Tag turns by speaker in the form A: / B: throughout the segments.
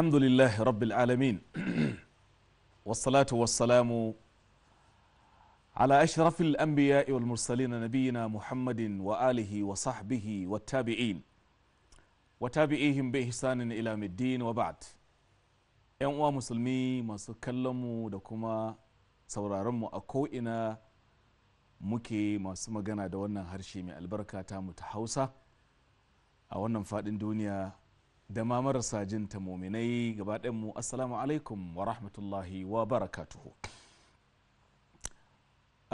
A: الحمد لله رب العالمين والصلاة والسلام على أشرف الأنبياء والمرسلين نبينا محمد وآله وصحبه والتابعين وتابعيهم بإحسان إلى مدين وبعد أنوا مسلمي ما سكلموا دكما سورا رمو أكوئنا مكي masu magana da wannan البركة mai albarka ta mutu hausa da ma marasa jin ta muminai gaba mu assalamu alaikum wa rahmatullahi wa barakatuhu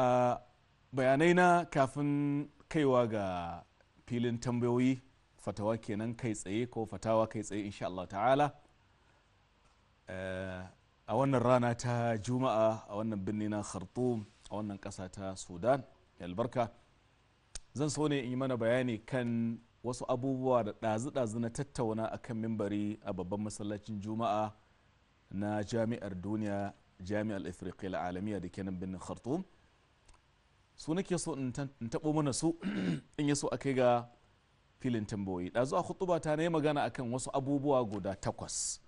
A: a bayanai na kafin kaiwa ga filin tambayoyi fatawa kenan kai tsaye ko fatawa kai tsaye insha Allah ta'ala a wannan rana ta juma'a a wannan birni na khartoum a wannan ƙasa ta sudan albarka zan so ne in yi mana bayani kan wasu abubuwa da ɗazu-ɗazu na tattauna a kan mimbari a babban masallacin juma'a na jami'ar duniya jami'ar afirka alamiya da kenan birnin khartoum su nake so in taɓo mana su in yaso a kai ga filin tambayoyi ɗazu a khutuba ta yi magana a kan wasu abubuwa guda takwas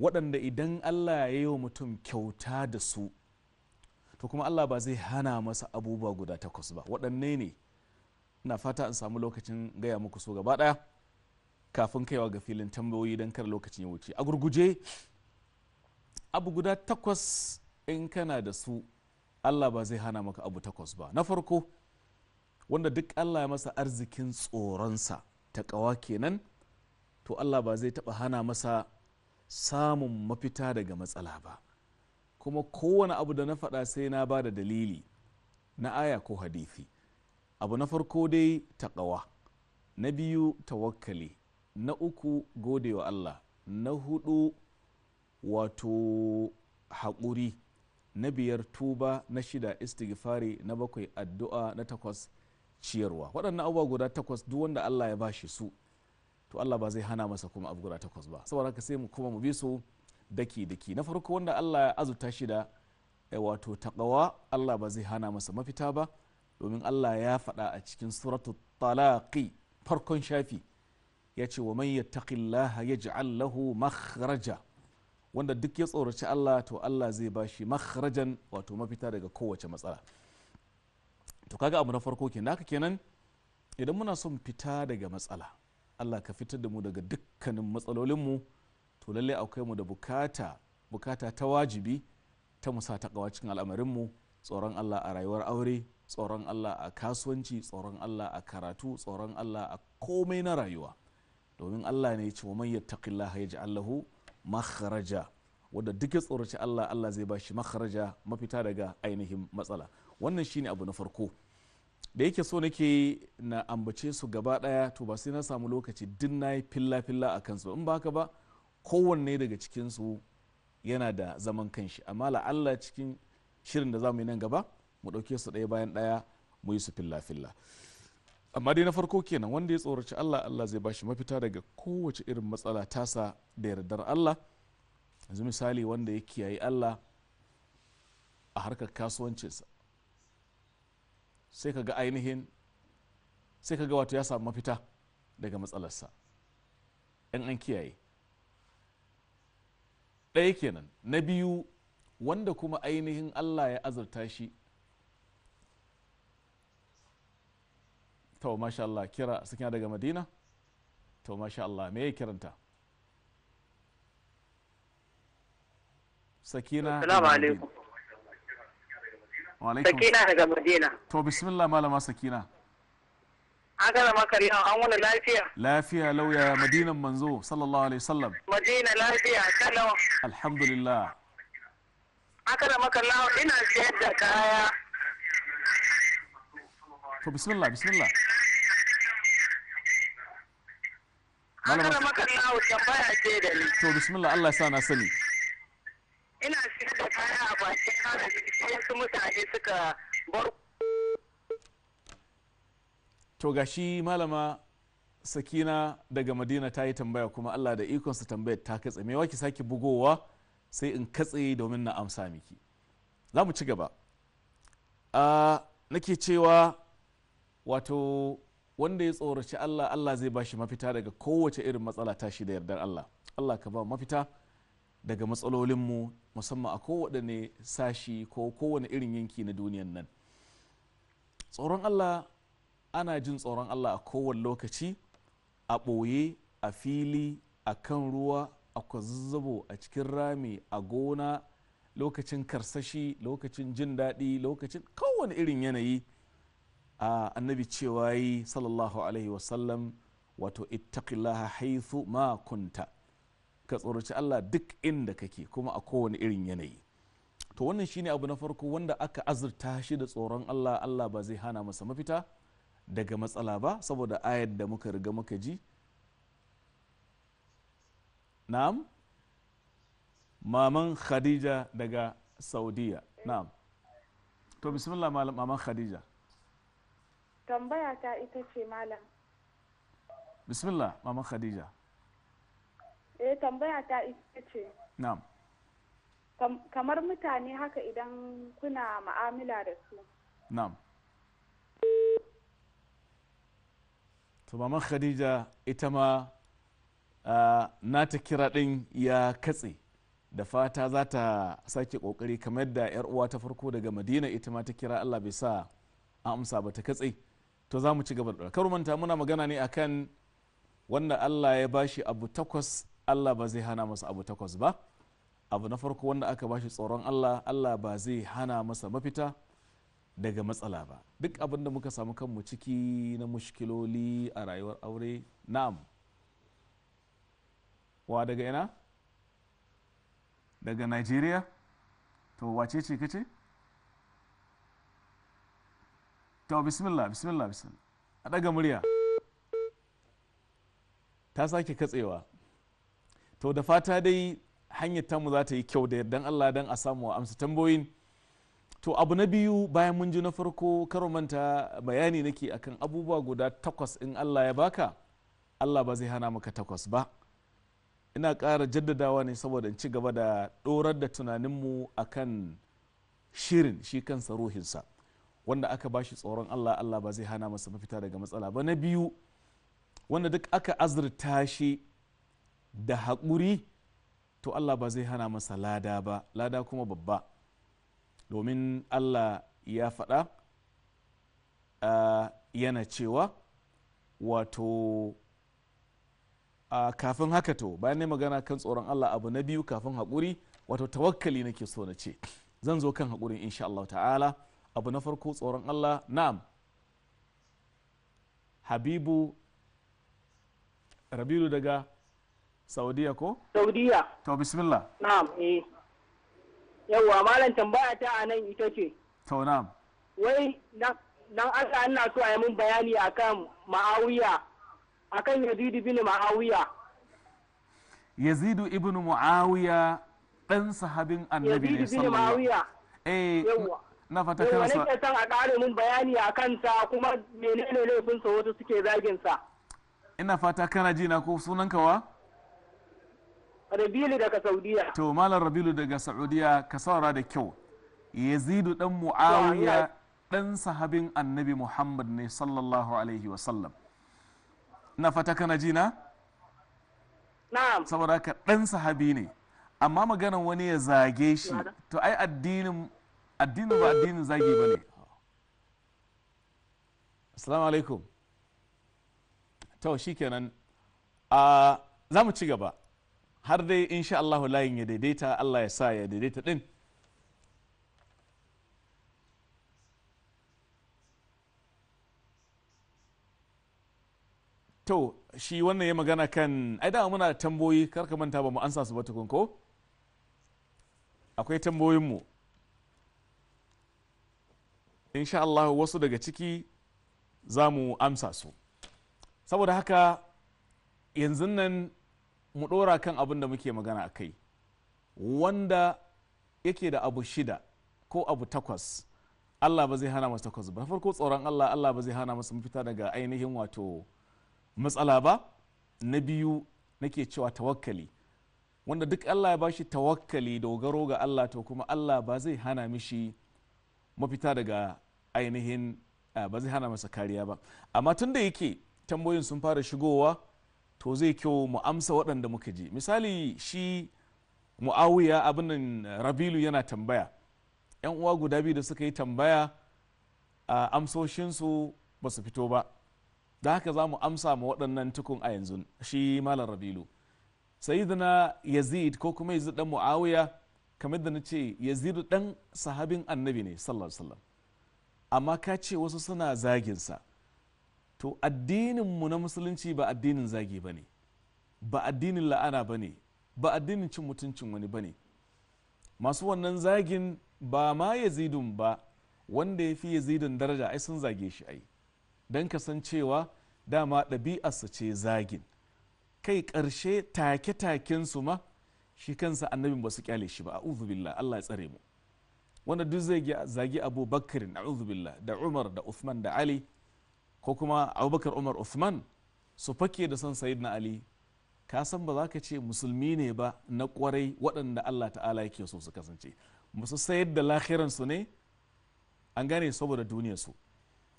A: waɗanda idan allah ya yi wa mutum kyauta da su to kuma allah ba zai hana masa abubuwa guda takwas ba waɗanne ne ina fata in samu lokacin gaya muku so gaba daya kafin kaiwa ga filin tambayoyi don kar lokacin ya wuce a gurguje abu guda takwas in kana da su allah ba zai hana maka abu takwas ba na farko wanda duk allah ya masa arzikin tsoronsa ta kawa kenan to allah ba zai taba hana masa samun mafita daga matsala ba kuma kowane abu da na faɗa sai na ba da dalili na aya ko hadithi abu na farko dai taƙawa na biyu tawakkali na uku godewa Allah na hudu wato haƙuri na biyar tuba na shida istighfari na bakwai addu'a na takwas ciyarwa waɗannan abubuwa guda takwas duk wanda Allah ya bashi su to Allah ba zai hana masa kuma abu guda takwas ba saboda haka sai mu kuma mu bi su daki daki na farko wanda Allah ya azurta shida da eh, wato taqawa Allah ba zai hana masa mafita ba domin Allah ya faɗa a cikin suratu talaqi farkon shafi ya ce wa man yattaqillaha yaj'al lahu makhraja wanda duk ya tsoraci Allah to Allah zai bashi makhrajan wato mafita daga kowace matsala to kaga abu na farko kenan haka kenan idan muna son fita daga matsala Allah ka fitar da mu daga dukkanin matsalolinmu to lallai akwai mu da bukata bukata ta wajibi ta musa ta cikin al'amarinmu tsoron Allah a rayuwar aure tsoron allah a kasuwanci tsoron allah a karatu tsoron allah a komai na rayuwa domin allah ne ya ce wa man yattaqillaha ya ji makharaja wanda duk ya tsoraci Allah Allah zai bashi makharaja mafita daga ainihin matsala wannan shine abu na farko da yake so nake na ambace su gaba ɗaya to ba sai na samu lokaci din na yi filla filla a kansu in ba haka ba kowanne daga cikinsu yana da zaman kanshi amma la'alla cikin shirin da za mu yi nan gaba mu ɗauke su ɗaya bayan ɗaya mu yi su filla filla amma dai na farko kenan wanda ya tsoraci Allah Allah zai bashi mafita daga kowace irin matsala tasa da yardar Allah yanzu misali wanda ya kiyaye Allah a harkar kasuwancinsa sai ka ainihin sai ka wato ya samu mafita daga matsalarsa yan an kiyaye ɗaya kenan na biyu wanda kuma ainihin Allah ya azurta shi to masha Allah kira sakina daga madina to masha Allah me ya kiranta sakina assalamu alaikum sakina daga madina to bismillah malama sakina
B: an gana makari an wani lafiya
A: lafiya lauya madinan manzo sallallahu alaihi wasallam
B: madina lafiya kalau
A: alhamdulillah
B: aka da maka ina siyar da kaya
A: to bismillah bismillah malama maka hau
C: tambaya ce da ni
A: to bismillah Allah sa na sani
C: ina sayar da kaya a bakin kasuwa wasu mutane suka bar
A: to gashi malama sakina daga madina ta yi tambaya kuma allah da ikon su tambayar ta katse mewa ki sake bugowa sai in katse domin na amsa miki za mu ci gaba ah, nake cewa wato wanda ya tsoraci Allah Allah zai bashi mafita daga kowace irin matsala ta shi da yardar Allah Allah ka ba mafita daga matsalolinmu musamman a kowane sashi ko kowane irin yanki na duniyan nan tsoron Allah ana jin tsoron Allah a kowane lokaci a ɓoye a fili a kan ruwa a kwazazzabo a cikin rami a gona lokacin karsashi lokacin jin daɗi lokacin kowane irin yanayi A annabi cewa yi sallallahu alaihi wasallam wato ittaqillaha haithu ma kunta ka tsoraci Allah duk inda kake kuma a kowane irin yanayi to wannan shine abu na farko wanda aka azurta shi da tsoron Allah Allah ba zai hana masa mafita daga matsala ba saboda ayar da muka riga muka ji na'am maman khadija daga saudiya na'am to bismillah maman khadija
D: tambaya
E: ta ita ce malam
A: bismillah mama khadija
E: eh tambaya ta ita ce na'am kamar mutane haka idan kuna ma'amala da su
A: na'am to maman khadija ita ma ta kira ɗin ya katse da fata za ta sake ƙoƙari kamar da 'yar uwa ta farko daga madina ita ma ta kira allah bai sa amsa ba ta katse to za mu ci gaba da kar manta muna magana ne akan wanda Allah ya bashi abu takwas Allah ba zai hana masa abu takwas ba abu na farko wanda aka bashi tsoron Allah Allah ba zai hana masa mafita daga matsala ba duk abin da muka samu kanmu ciki na mushkiloli a rayuwar aure na'am wa daga ina daga Najeriya to wace ce kace to bismillah bismillah bismillah a daga murya ta sake katsewa to da fata dai hanyar tamu za ta yi kyau da yardan Allah dan a samu amsa tambayoyin to abu na biyu bayan mun ji na farko karo manta bayani nake akan abubuwa guda takwas in Allah ya baka Allah ba zai hana maka takwas ba ina kara jaddadawa ne saboda in ci gaba da ɗorar da tunaninmu akan shirin shi kansa ruhinsa wanda aka bashi tsoron Allah Allah ba zai hana masa mafita daga matsala ba na biyu wanda duk aka azurta shi da haƙuri to Allah ba zai hana masa lada ba lada kuma babba domin Allah ya faɗa yana cewa wato a kafin haka to bayan ne magana kan tsoron Allah abu na biyu kafin haƙuri wato tawakkali nake so na ce zan zo kan haƙurin insha Allah ta'ala abu na farko tsoron Allah na'am habibu rabilu daga saudiya ko saudiya to bismillah
B: na'am eh yawwa malam tambaya ta a nan ita ce to na'am wai dan aka ina so a yi mun bayani akan ma'awiya akan yazid bin ma'awiya
A: yazid ibn muawiya ɗan sahabin annabi ne sallallahu alaihi wasallam eh na fata kansa wani
B: ke son a
A: mun bayani a kansa kuma menene
B: laifin sa suke zagin sa
A: ina fata kana ji na ko sunan kawa
B: Rabilu daga Saudiya
A: to malam Rabilu daga Saudiya ka saurara da kyau Yazidu dan Muawiya dan sahabin Annabi Muhammad ne sallallahu alaihi wasallam na fata kana ji na na'am saboda ka dan sahabi ne amma maganan wani ya zage shi to ai addinin addinin ba addinin zagi ba ne assalamu alaikum to shi kenan za mu ci gaba har dai insha Allahu layin ya daidaita Allah ya sa ya daidaita din to shi wannan ya magana kan ai da muna tamboyi karka manta ba mu ansa su ba tukun ko akwai tamboyinmu mu insha Allah wasu daga ciki za mu amsa su saboda haka yanzu nan mu ɗora kan abin da muke magana a kai wanda yake da abu shida ko abu takwas Allah ba zai hana masu takwas ba farko tsoron Allah Allah ba zai hana masu mafita daga ainihin wato matsala ba na biyu nake cewa tawakkali wanda duk Allah ya bashi tawakkali dogaro ga Allah to kuma Allah ba zai hana mishi mafita daga ainihin ba zai hana masa kariya ba amma tun da yake tambayoyin sun fara shigowa to zai kyau mu amsa waɗanda muka je misali shi mu'awiya abinnan rabilu yana tambaya yan uwa guda biyu da suka yi tambaya a amsoshinsu ba su fito ba da haka za mu amsa ma waɗannan tukun a yanzu shi malam rabilu sayyidina yazid ko kuma yazid dan mu'awiya kamar da na ce yazid dan sahabin annabi ne sallallahu alaihi wasallam amma ka ce wasu suna zaginsa to addininmu na musulunci ba addinin zagi ba ne ba addinin la'ana ba ne ba addinin cin mutuncin wani ba ne masu wannan zagin ba ma yazidun ba wanda ya fi yazidun daraja ai sun zage shi ai don cewa dama ɗabi'arsa ce zagin kai ƙarshe take taken su ma shi kansa annabin ba su kyale shi ba a billah allah ya tsare mu wanda duk zai zagi abubakar na'udzubillah da umar da uthman da ali ko kuma abubakar umar uthman su fake da son na ali ka san ba za ka ce musulmi ne ba na kwarai waɗanda allah ta'ala yake so su kasance musu sayar da lahiransu ne an gane saboda duniyarsu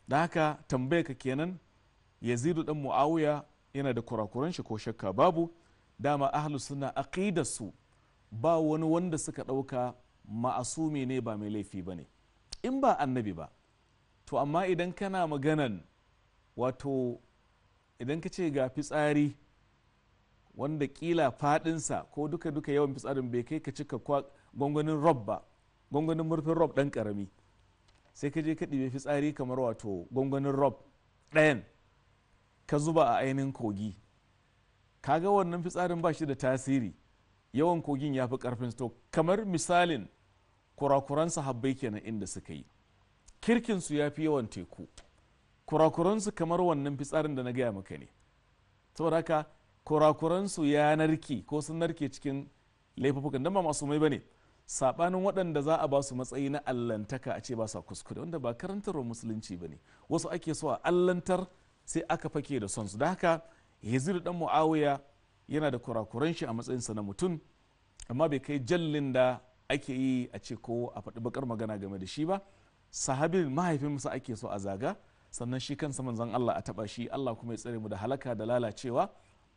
A: da haka tambaya ka kenan yazidu dan mu'awiya yana da kurakuran shi ko shakka babu dama ahlus suna aqidarsu ba wani wanda suka ɗauka ma'asumi ne ba mai laifi ba ne in ba annabi ba to amma idan kana maganan wato idan ka ce ga fitsari wanda kila fadinsa ko duka-duka yawan fitsarin bai kai ka cika gwangwanin rob ba gwangwanin murfin rob ɗan karami sai ka je ka ɗibe fitsari kamar wato gwangwanin rob ɗayan ka zuba a ainihin kogi ka ga wannan fitsarin ba shi da tasiri yawan kogin ya fi ƙarfin to kamar misalin kurakuran sahabbai kenan inda suka yi Kirkin su ya fi yawan teku kurakuransu kamar wannan fitsarin da na gaya maka ne saboda haka kurakuransu ya narke ko sun narke cikin laifukan don ba masu mai bane sabanin waɗanda za a ba su matsayi na allantaka a ce ba sa kuskure wanda ba karantarwa musulunci bane wasu ake so a allantar sai aka fake da son su da haka hezir dan muawiya yana da kurakuran shi a matsayinsa na mutum amma bai kai jallin da ake yi a ce ko a faɗi bakar magana game da shi ba sahabin mahaifinsa ake so a zaga sannan shi kansa manzon Allah a taba shi Allah kuma ya tsare mu da halaka da lalacewa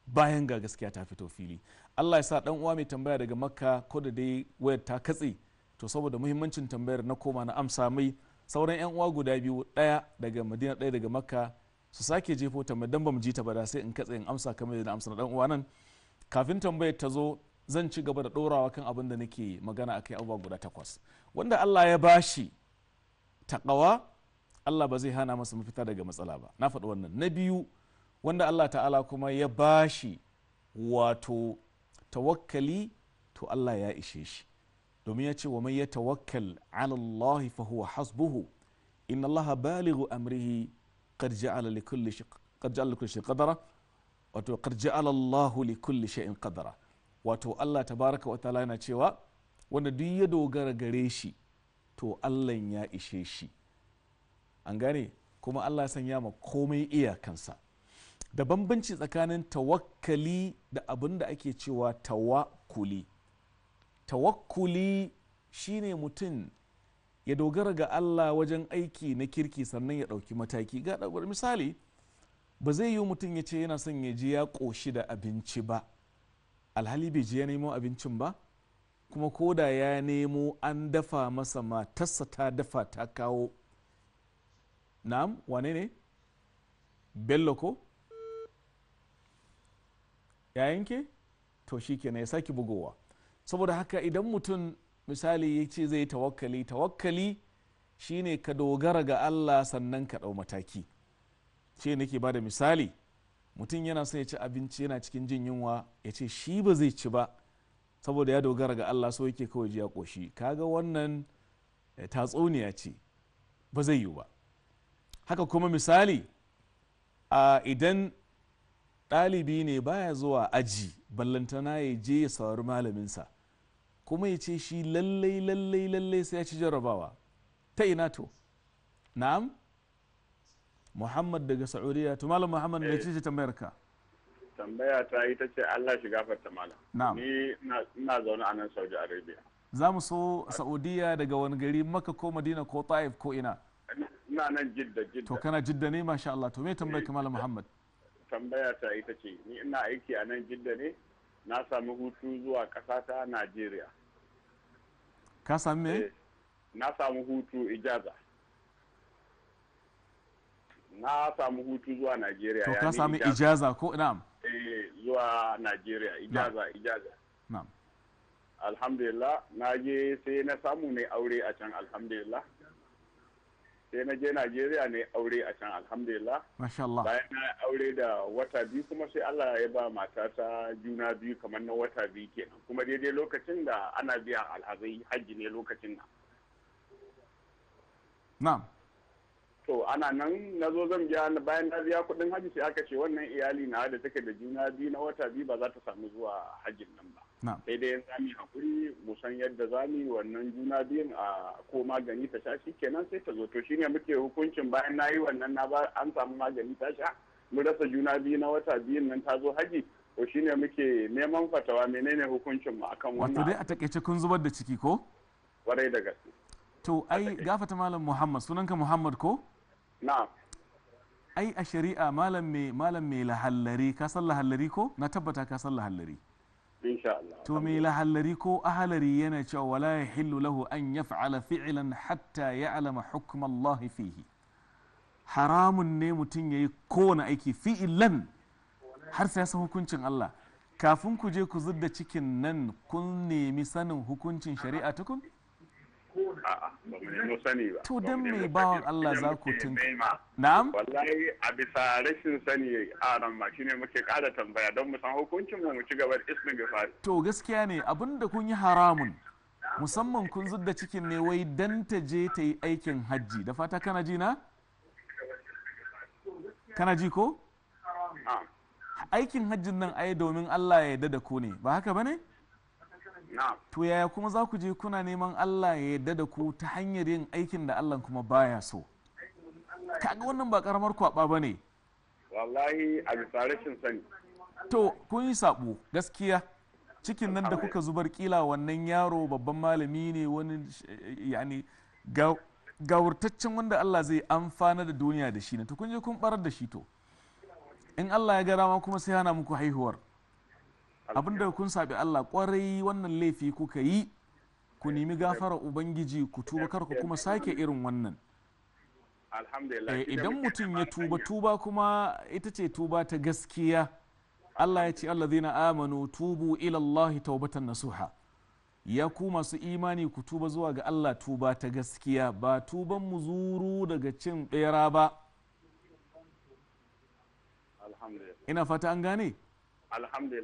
A: bayan ga gaskiya ta fito fili Allah ya sa dan uwa mai tambaya daga makka ko da dai wayar ta katse to saboda muhimmancin tambayar na koma na amsa mai sauran yan uwa guda biyu daya daga madina daya daga makka su sake jefo tambayar dan bamu ji ta ba da sai in katse in amsa kamar da amsa na dan uwa nan kafin tambayar ta zo zan ci gaba da ɗorawa kan abin da nake magana akai abubuwa guda takwas wanda Allah ya bashi taƙawa Allah ba zai hana masa mafita daga matsala ba na faɗi wannan na biyu wanda Allah ta'ala kuma ya bashi wato tawakkali to Allah ya ishe shi domin ya ce wa mai ya tawakkal ala Allah fa huwa hasbuhu inna Allah balighu amrihi qad ja'ala li kulli shay'in qad ja'ala qadara wato qad ja'ala Allah li shay'in qadara wato allah tabaraka wa ta'ala yana cewa wanda duk ya dogara gare shi to allah ya ishe shi an gane kuma allah sanya ma komai iyakansa da bambanci tsakanin tawakkali da abin da ake cewa tawakuli. Tawakuli shine mutum ya dogara ga allah wajen aiki na kirki sannan ya ɗauki mataki ga misali ba zai yi mutum ya ce yana son ya ji ya ƙoshi da abinci ba alhali bai je ya nemo abincin ba kuma ko da ya nemo an dafa masa matarsa ta dafa ta kawo na'am wane ne bello ko ya yanke to shi kenan ya sake bugowa saboda haka idan mutum misali ya ce zai tawakkali tawakkali shine ka dogara ga allah sannan ka ɗau mataki ce nake ba da misali mutum yana son ya ci abinci yana cikin jin yunwa ya ce shi ba zai ci ba saboda ya dogara ga Allah so yake kawai ya koshi kaga wannan eh, tatsuniya ce ba zai yiwu ba haka kuma misali a idan ɗalibi ne baya zuwa aji ballantana ya je ya saurari malaminsa kuma ya ce shi lallai lallai lallai sai ya ci jarrabawa ta ina to na'am muhammad daga saudiya to malam muhammad mai eh. ce tambayar ka
E: tambaya ta ita ce allah shiga gafarta malam ni ina zaune a nan saudi arabia
A: za mu so saudiya daga wani gari maka ko madina ko taif ko ina
E: ina nan jidda jidda to kana
A: jidda ne masha allah to me tambayar ka eh, malam muhammad
E: tambaya ta ita ce ni ina aiki a nan jidda ne na sami hutu zuwa kasata ta najeriya
A: ka sami me eh,
E: na samu hutu ijaza na samu hutu zuwa najeriya to ka samu ijaza ko na'am eh zuwa najeriya ijaza ijaza na'am alhamdulillah na je sai na samu ne aure a can alhamdulillah sai na je najeriya ne aure a can alhamdulillah Allah. bayan na aure da wata biyu kuma sai allah ya ba matata juna biyu kamar na wata biyu kenan kuma daidai lokacin da ana biya alhazai hajji ne lokacin nan na'am to ana nan na zo zan biya bayan na biya kuɗin hajji sai aka ce wannan iyali na da take da juna biyu na wata biyu ba za ta samu zuwa hajjin nan ba sai dai za mu hakuri mu san yadda za mu wannan juna biyun a ko magani ta sha kenan sai ta zo to shine muke hukuncin bayan na yi wannan na ba an samu magani ta sha mu rasa juna biyu na wata biyun nan ta zo hajji to shine muke neman fatawa menene hukuncin mu akan wannan wato dai a
A: takeice kun zubar da ciki ko
E: kwarai da gaske
A: to ai gafata malam muhammad sunanka muhammad ko na'am ai a shari'a malam mai malam mai lahallari ka san lahallari ko na tabbata ka san lahallari insha Allah to mai lahallari ko ahalari yana cewa wala yahillu lahu an yaf'ala fi'lan hatta ya'lama hukm Allah fihi haramun ne mutum yayi kowane aiki fi'ilan har sai san hukuncin Allah kafin ku je ku zudda cikin nan kun nemi sanin hukuncin shari'a tukun
E: To ba mu sani ba to dan mai Allah za ku tunka na'am wallahi a bisa rashin sani a nan ma shine muke kada tambaya don mu san hukuncin mu mu ci gaba da ismin fari.
A: to gaskiya ne abinda kun yi haramun musamman kun zudda cikin ne wai dan ta je ta yi aikin hajji da fata kana ji na kana ji ko aikin hajjin nan ai domin Allah ya yarda da ku ne ba haka bane ne to yaya kuma za ku je kuna neman Allah ya yadda da ku ta hanyar yin aikin da Allah kuma baya so kaga wannan ba karamar kwaba bane
E: wallahi a bisa rashin sani
A: to kun yi sabo gaskiya cikin nan da kuka zubar kila wannan yaro babban malami ne wani yani gawurtaccen wanda Allah zai amfana da duniya da shi ne to kun je kun barar da shi to in Allah ya gara ma kuma sai hana muku haihuwar abinda kun sabi Allah kwarai wannan laifi kuka yi ku nemi gafara ubangiji ku tuba kar kuma sake irin wannan eh, idan mutum ya tuba tuba kuma ita ce tuba ta gaskiya Allah ya ce allazina amanu tubu ila Allah taubatan nasuha ya ku masu imani ku tuba zuwa ga Allah tuba ta gaskiya ba tuban mu zuru daga cin bera ba ina fata an gane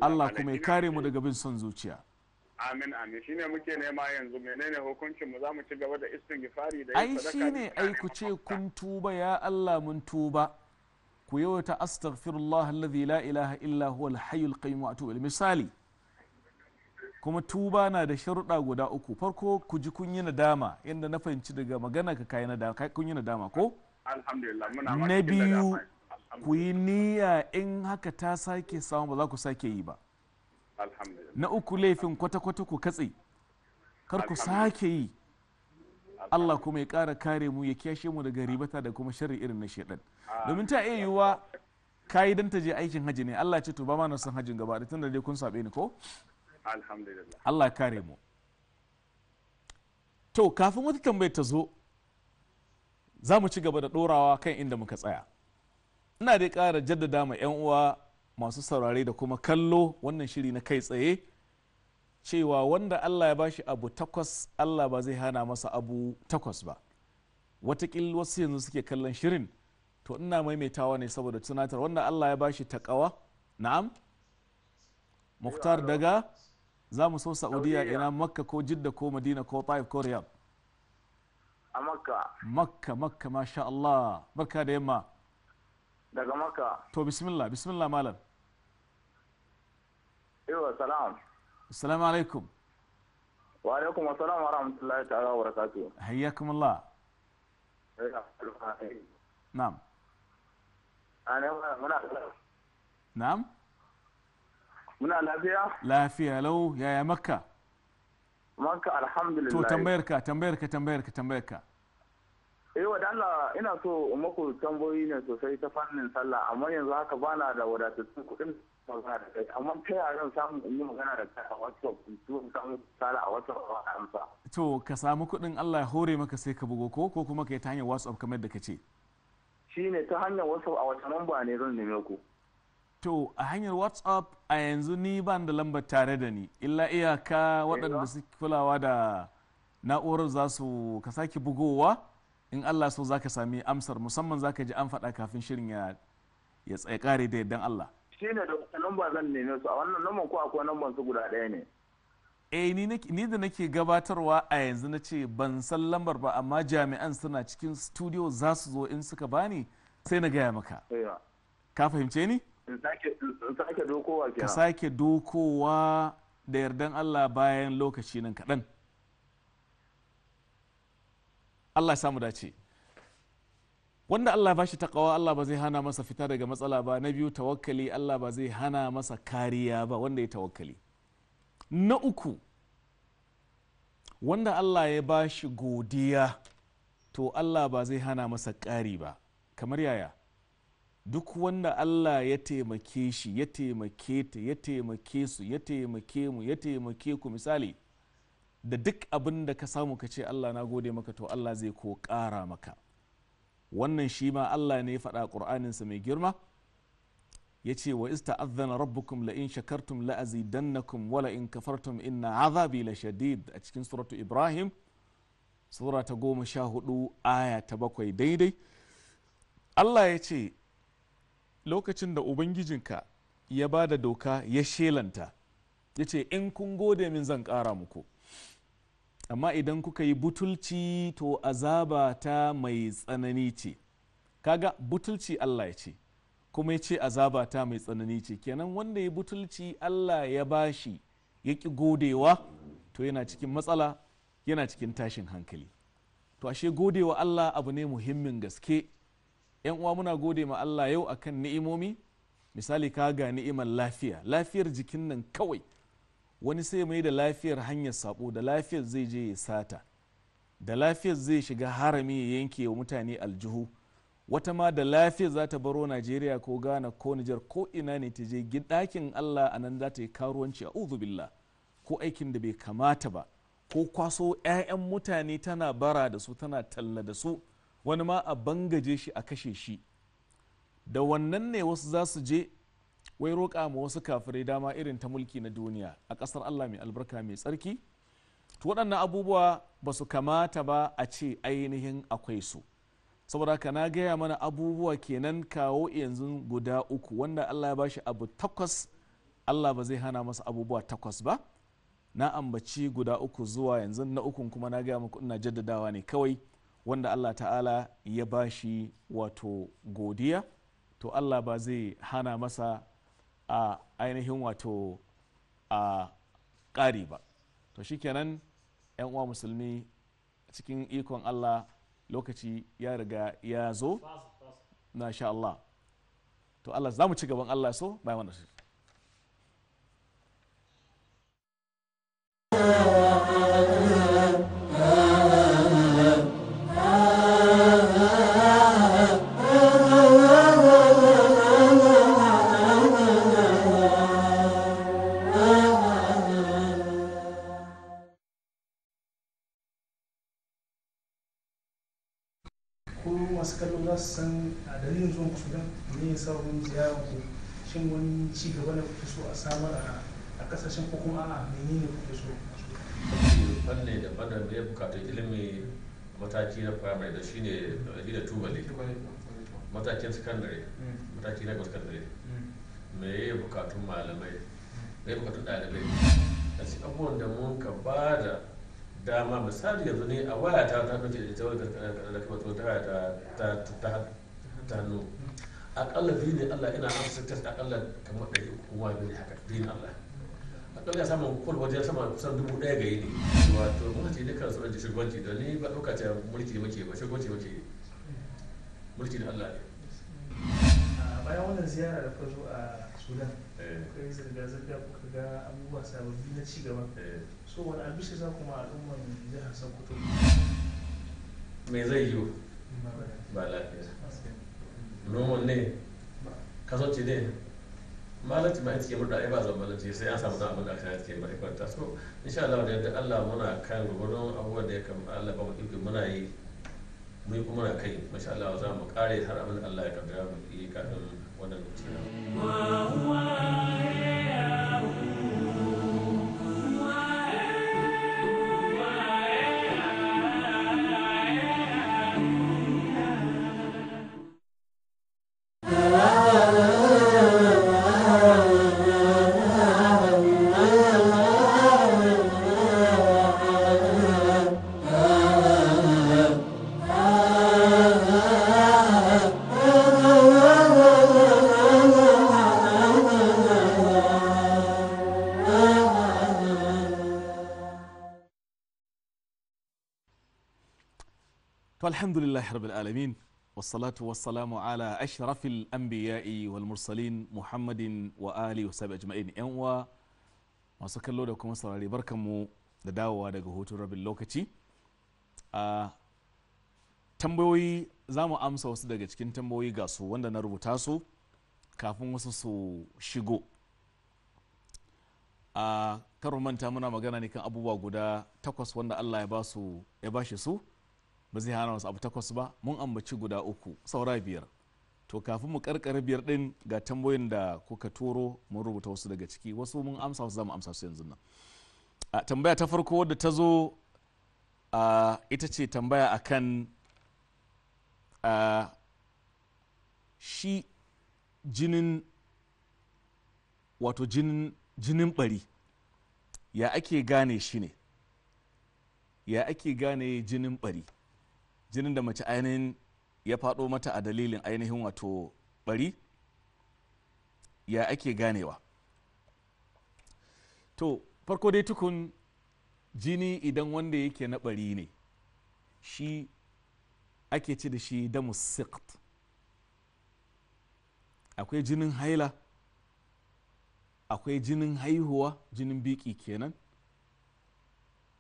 E: Allah kuma ya kare mu
A: daga bin son zuciya
E: amin amin shine muke nema yanzu menene hukuncin mu za mu ci gaba da istighfari da ai shine
A: ai ku ce kun tuba ya Allah mun tuba ku yawata astaghfirullah alladhi la ilaha illa huwa al-hayyul qayyum wa atubu misali kuma tuba na da sharuɗa guda uku farko ku ji kun yi nadama yadda na fahimci daga magana ka kai nadama kun yi nadama ko
E: alhamdulillah muna na biyu
A: ku yi niyya in haka ta sake samu ba za ku sake yi ba na uku laifin kwata-kwata ku katse kar ku sake yi Allah kuma ya ƙara kare mu ya kyashe mu daga ribata da kuma sharri irin na shaidan domin ta iya yiwuwa kayi don ta je aikin haji ne Allah ce to ba ma na son hajin gaba da tun da dai kun saɓe ni ko Allah kare mu to kafin wata tambayar ta zo za mu ci gaba da ɗorawa kan inda muka tsaya ina dai ƙara jaddada ma 'yan uwa masu saurare da kuma kallo wannan shiri na kai tsaye cewa wanda allah ya bashi abu takwas allah ba zai hana masa abu takwas ba watakil wasu yanzu suke kallon shirin to ina maimaitawa ne saboda tunatar wanda allah ya bashi takawa na'am muktar daga za mu so saudiya ina makka ko jidda ko madina ko taif ko a makka makka makka masha allah barka da yamma
D: daga maka
A: to bismillah bismillah malam
D: yawa salam
A: assalamu alaikum
D: wa alaikum assalam wa rahmatullahi ta'ala wa barakatuh
A: hayyakum allah نعم
D: انا منى نعم منى لافيه
A: لافيه لو يا يا مكه
D: مكه الحمد لله تو تنبيرك
A: تنبيرك تنبيرك تنبيرك
D: Ewa eh, da Allah ina so maku tambayoyi ne sosai ta fannin sallah amma yanzu haka bana da wadatattun kuɗin magana da kai amma ta zan samun in yi magana da kai a WhatsApp in samu sala a WhatsApp a amsa.
A: To ka samu kuɗin Allah ya hore maka sai ka bugo ko ko kuma ka yi ta hanyar WhatsApp kamar da ka ce.
D: Shi ne ta hanyar WhatsApp a wata lamba ne zan neme ku.
A: To a hanyar WhatsApp a yanzu ni ban da lambar tare da ni illa iyaka waɗanda suke kulawa da na'urar za su ka sake bugowa. in Allah so zaka sami amsar musamman zaka ji an faɗa kafin shirin ya ya tsaye kare da yaddan Allah
D: shi ne da lamba zan neme su a wannan lamban ko akwai lamban su guda ɗaya
A: ne eh ni da nake gabatarwa a yanzu na ce ban san lambar ba amma jami'an suna cikin studio za su zo in suka bani sai na gaya maka ka fahimce ni ka sake dokowa da yardan Allah bayan lokaci nan kaɗan. Allah ya samu dace wanda Allah ba shi takawa Allah ba zai hana masa fita daga matsala ba na biyu tawakkali Allah ba zai hana masa kariya ba wanda ya tawakkali na uku wanda Allah ya ba shi godiya to Allah ba zai hana masa kari ba kamar yaya duk wanda Allah ya taimake shi ya taimake ta ya taimake su ya taimake mu ya taimake ku misali da duk abin da ka samu ka ce Allah na gode maka to Allah zai ko ƙara maka wannan shi ma Allah ne ya faɗa ƙur'aninsa mai girma ya ce wa azana rabbukum la'in in shakartum la azidannakum wa la in kafartum inna azabi la shadid a cikin suratu Ibrahim sura ta goma sha hudu aya ta bakwai daidai Allah ya ce lokacin da ubangijinka ya ba da doka ya shelanta ya ce in kun gode min zan ƙara muku amma idan kuka yi butulci to azaba ta mai tsanani ce kaga butulci Allah ya ce kuma ya ce azaba ta mai tsanani ce kenan wanda ya butulci Allah ya bashi ya ki godewa to yana cikin matsala yana cikin tashin hankali to ashe godewa Allah abu ne muhimmin gaske yan uwa muna gode ma Allah yau akan ni'imomi misali kaga ni'imar lafiya lafiyar jikin nan kawai wani sai mai da lafiyar hanyar sabo da lafiyar zai je ya sata da lafiyar zai shiga harami ya yanke wa mutane aljihu wata ma da lafiyar za ta baro najeriya ko ghana ko nijar ko ina ne ta je ɗakin allah a nan za ta yi karuwanci a billah ko aikin da bai kamata ba ko kwaso 'ya'yan mutane tana bara da su tana talla da su wani ma a bangaje shi a kashe shi da wannan ne wasu za su je wai roƙa ma wasu kafirai dama irin ta mulki na duniya a ƙasar allah mai albarka mai tsarki to waɗannan abubuwa ba su kamata ba a ce ainihin akwai su saboda haka na gaya mana abubuwa kenan kawo yanzu guda uku wanda allah ya bashi abu takwas allah ba zai hana masa abubuwa takwas ba na ambaci guda uku zuwa yanzu na ukun kuma na gaya muku ina jaddadawa ne kawai wanda allah ta'ala ya bashi wato godiya to allah ba zai hana masa a ainihin wato a ƙari ba to shikenan 'yan uwa musulmi cikin ikon allah lokaci ya riga ya zo na sha allah to allah za mu ci gaban allah so bayan wannan ci gaba ne kuke so a samar a kasashen ko kuma a menene kuke so
F: fanni da fannin da ya bukatu ilimi mataki na primary da shine da tubali matakin secondary mm. mataki na secondary
C: mm.
F: me ya bukatun malamai me ya bukatun ɗalibai a cikin abubuwan da mun ka ba da dama misali yanzu ne a waya ta ta ɗauke da ita ta ta ta ta hannu mm. akalla dini allah ina amsa test akalla kamar ɗari uku ma biyu haka dini allah akalla ya samu waje ya sama kusan dubu ɗaya ga yini wato gwamnati ne kan sauran shugabanci don ni ba ɗauka ce mulki muke ba shugabanci muke mulki da allah ne
A: bayan wannan ziyara da kwazo a sudan eh. kai zirga-zirga kuka ga abubuwa sababbi na ci gaba. Eh. so wani albishi za kuma al'umman
F: jihar sokoto me zai yiwu ba lafiya noman ne kasance ne malanci ma ita ke murda ai e ba zambalanci sai an samu da abin da aka yi ke bari ta so insha Allah da yadda Allah muna kan gurgurun abubuwan da ya kama Allah ba mu ikon muna yi mu kuma na kai masha Allah za mu kare har abin Allah ya kaddara mu yi kafin wannan lokaci na
A: to alhamdulillahi rabbil alamin wasalatu wasalamu ala ashrafil anbiya'i wal mursalin muhammadin wa ali wa sabi ajma'in yan uwa masu kallo da kuma saurari barkanmu da dawowa daga hotun rabin lokaci a tambayoyi zamu amsa wasu daga cikin tambayoyi ga su wanda na rubuta su kafin wasu su shigo a karo manta muna magana ne kan abubuwa guda takwas wanda allah ya ba su ba zai hana wasu abu takwas ba mun ambaci guda uku saura biyar to kafin mu karkare biyar din ga tambayoyin da kuka turo mun rubuta wasu daga ciki wasu mun amsa wasu zamu amsa su yanzu nan a tambaya ta farko wadda ta zo a ita ce tambaya akan a shi jinin wato jinin jinin bari ya ake gane shi ne ya ake gane jinin bari jinin da mace ainihin ya faɗo mata a dalilin ainihin wato bari ya ake ganewa to farko dai tukun jini idan wanda yake na bari ne shi ake ci da shi damusikt akwai jinin haila akwai jinin haihuwa jinin biki kenan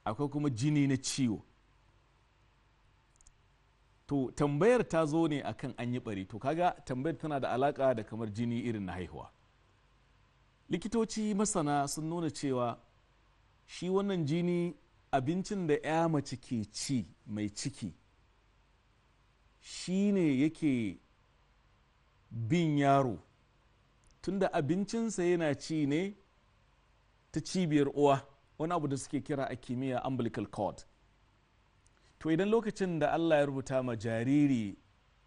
A: akwai kuma jini na ciwo to tambayar ta zo ne akan an yi bari to kaga tambayar tana da alaka da kamar jini irin na haihuwa likitoci masana sun nuna cewa shi wannan jini abincin da ya mace ke ci mai ciki shi ne yake bin yaro tunda abincinsa yana ci ne ta cibiyar uwa wani abu da suke kira a kimiyya umbilical cord to idan lokacin da allah ya rubuta ma jariri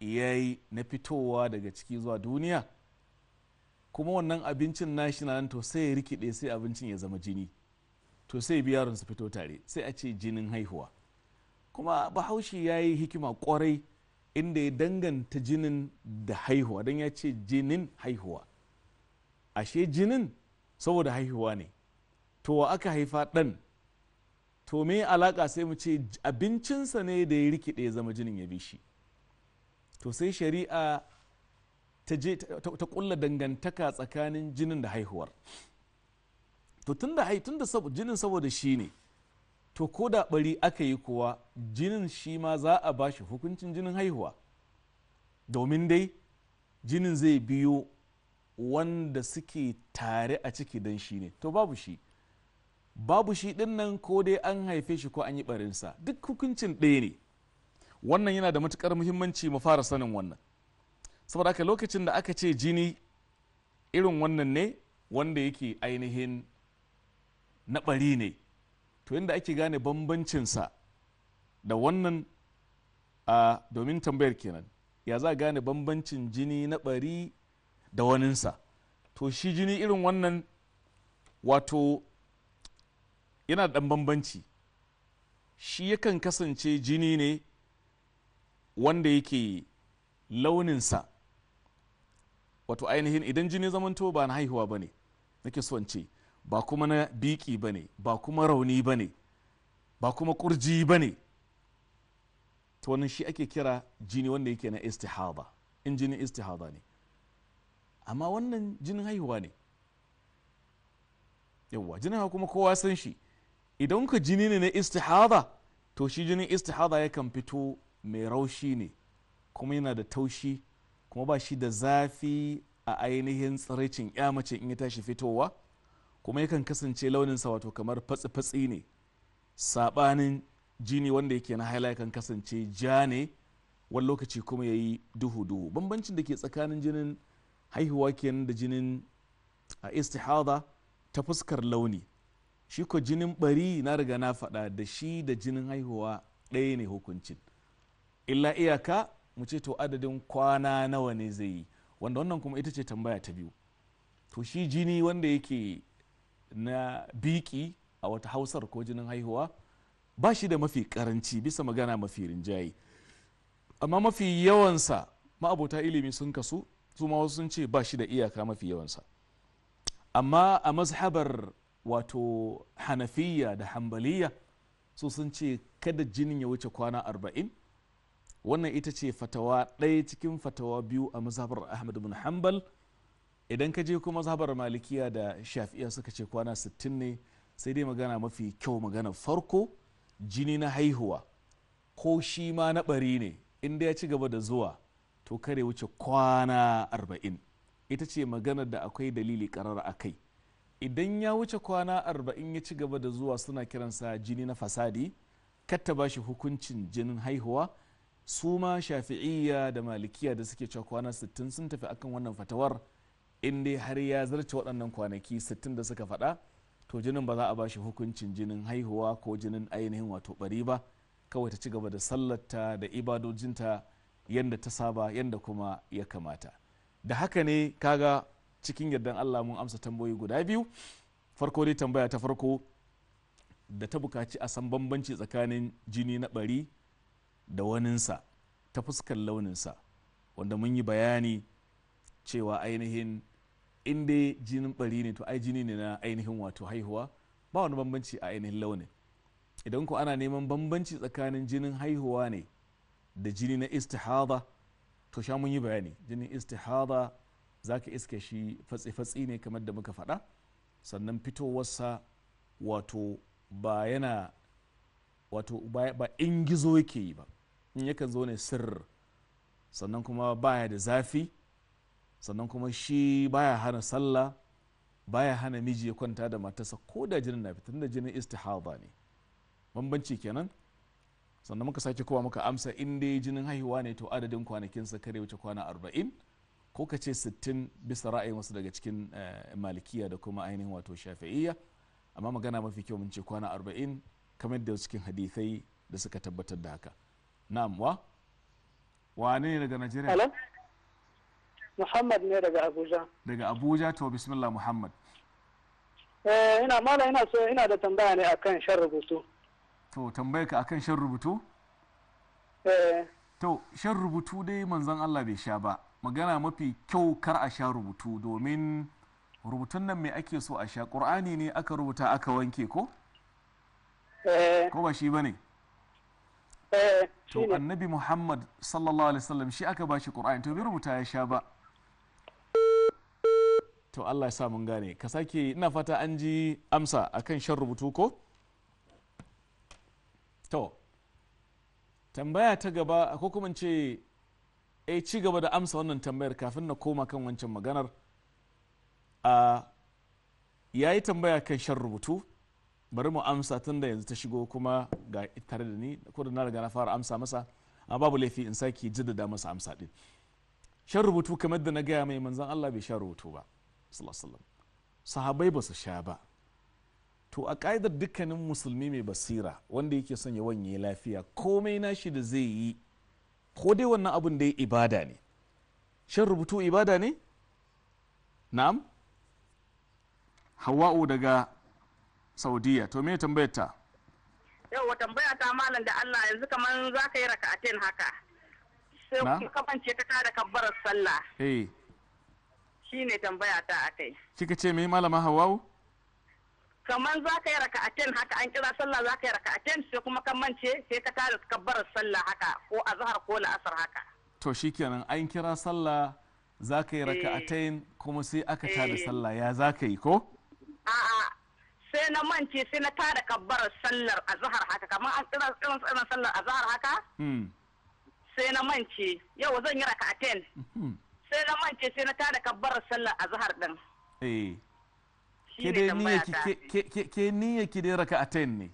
A: ya yi na fitowa daga ciki zuwa duniya kuma wannan abincin nashi na nan to sai ya rikide sai abincin ya zama jini to sai bi yaron su fito tare sai a ce jinin haihuwa kuma bahaushe ya yi hikima kwarai inda ya danganta jinin da haihuwa don ya ce jinin haihuwa ashe jinin saboda haihuwa ne to wa aka haifa ɗan to me alaka sai mu ce abincinsa ne da ya rikide zama jinin ya bi shi to sai shari'a ta kulla dangantaka tsakanin jinin da haihuwar to tun da jinin saboda shi ne to ko da bari aka yi kuwa jinin shi ma za a ba shi hukuncin jinin haihuwa domin dai jinin zai biyo wanda suke tare a ciki don shi ne to babu shi babu shi ɗin nan ko dai an haife shi ko an yi barinsa duk hukuncin ɗaya ne wannan yana da matukar muhimmanci mu fara sanin wannan saboda haka lokacin da aka ce jini irin wannan ne wanda yake ainihin na ɓari ne to inda ake gane bambancinsa da wannan a domin tambayar kenan ya za gane bambancin jini na ɓari da waninsa to shi jini irin wannan wato yana da ɗan bambanci shi yakan kasance jini ne wanda yake launinsa wato ainihin idan jini zamanto ba na haihuwa ba ne nake so in ce ba kuma na biki ba ne ba kuma rauni ba ne ba kuma kurji ba ne ta wannan shi ake kira jini wanda yake na istihaba in jini istihaba ne amma wannan jinin haihuwa ne yawwa jinin haihuwa kuma kowa san shi idan ku jini ne na istihada to shi jinin istihada yakan fito mai raushi ne kuma yana da taushi kuma ba shi da zafi a ainihin tsiraicin ya mace in ya tashi fitowa kuma yakan kasance launinsa wato kamar fatsi-fatsi ne saɓanin jini wanda yake na haila yakan kasance ja ne wani lokaci kuma ya yi duhu-duhu bambancin da ke tsakanin jinin haihuwa kenan da jinin a istihada ta fuskar launi shi ko jinin bari na riga na faɗa da shi da jinin haihuwa ɗaya ne hukuncin illa iyaka mu ce to adadin kwana nawa ne zai yi wanda wannan kuma ita ce tambaya ta biyu to shi jini wanda yake na biki a wata hausar ko jinin haihuwa ba shi da mafi karanci bisa magana mafi rinjaye amma mafi yawansa ma'abota ilimi sun kasu su ma wasu sun ce ba shi da iyaka mafi yawansa amma a mazhabar wato hanafiya da hambaliya su sun ce kada jinin ya wuce kwana arba'in wannan ita ce fatawa ɗaya cikin fatawa biyu a mazhabar ahmad bin Hambal. idan ka je kuma mazhabar malikiya da shafiya suka ce kwana sittin ne sai dai magana mafi kyau magana farko jini na haihuwa ko shi ma na ɓari ne inda ya ci gaba da zuwa to kare wuce kwana arba'in, ita ce maganar da akwai dalili karar a kai idan ya wuce kwana arba'in ya ci gaba da zuwa suna kiransa jini na fasadi katta ba shi hukuncin jinin haihuwa su ma shafi'iyya da malikiya da suke cewa kwana 60 sun tafi akan wannan fatawar in dai har ya zarce waɗannan kwanaki 60 da suka faɗa to jinin ba za a ba shi hukuncin jinin haihuwa ko jinin ainihin wato bari ba kawai ta ci gaba da sallarta da ibadojinta yadda ta saba yadda kuma ya kamata da haka ne kaga cikin yardan Allah mun amsa tambayoyi guda biyu farko dai tambaya ta farko da ta bukaci a san bambanci tsakanin jini na bari da waninsa ta fuskar launinsa wanda mun yi bayani cewa ainihin inda jinin bari ne to ai jini ne na ainihin wato haihuwa ba wani bambanci a ainihin launin idan ku ana neman bambanci tsakanin jinin haihuwa ne da jini na istihada to sha mun yi bayani jinin istihada za ka iske shi fatsi-fatsi ne kamar da muka faɗa sannan fitowarsa wato ba yana wato ba in gizo yake yi ba in yakan zo ne sirr sannan kuma baya da zafi sannan kuma shi baya hana sallah baya hana miji ya kwanta da matarsa ko da jinin na fitar da jinin istihada ne bambanci kenan sannan muka sake kowa muka amsa in dai jinin haihuwa ne to adadin kwanakinsa kare wuce kwana arba'in ko ka ce 60 bisa ra'ayin wasu daga cikin eh, malikiya da kuma ainihin wato shafi'iyya amma magana mafi kyau mun ce kwana 40 kamar da cikin hadithai da suka tabbatar da haka na'am wa wane ne daga Najeriya
B: Muhammad ne daga Abuja
A: daga Abuja to bismillah Muhammad
B: eh, ina mala ina so ina da tambaya ne akan shan rubutu
A: to tambayar ka akan shan rubutu eh to shan rubutu dai manzon Allah bai sha ba magana mafi kyau kar a sha rubutu domin rubutun nan mai ake so a sha ƙur'ani ne aka rubuta aka wanke ko? Eh. ko ba shi ba ne? Eh, to annabi muhammad sallallahu alaihi wasallam shi aka ba shi ƙur'ani to bi rubuta ya sha ba to allah ya sa mun gane ka sake ina fata an ji amsa a kan shan rubutu ko? to tambaya ta gaba ko kuma ce e ci gaba da amsa wannan tambayar kafin na koma kan wancan maganar a ah, ya yi tambaya kan shan rubutu bari mu amsa tun da yanzu ta shigo kuma ga tare da ni ko da na riga na fara amsa masa a babu laifi in sake jaddada masa amsa din shan rubutu kamar da na gaya mai manzan Allah bai sha rubutu ba sahabai ba su sha ba to a ka'idar dukkanin musulmi mai basira wanda yake son ya wanye lafiya komai nashi da zai yi ko dai wannan abin da ya ibada ne shan rubutu ibada ne na'am hawa'u daga saudiya to me tambayar ta
E: yawa tambaya ta malam da allah yanzu kamar za ka yi raka'atin haka sai kamance ka tada kabbarar sallah eh. shi ne tambaya ta akai
A: kika ce me malama hawa'u
E: kamar za ka yi raka'aten haka an kira sallah za ka yi raka'aten sai kuma ka mance sai ka tada kabbarar sallah haka ko azhar ko la'asar haka
A: to shikenan an kira sallah za ka yi eh. raka'aten kuma sai aka eh. tare sallah ya za ka yi ko a'a
E: sai na mance sai na ka bar sallar azhar haka kamar an kira irin sallar azhar haka hmm. sai na mance yau zan yi raka'aten hmm. sai na mance sai na ka bar sallar azhar din eh ke dai niyya ki
A: ke ke ki dai ne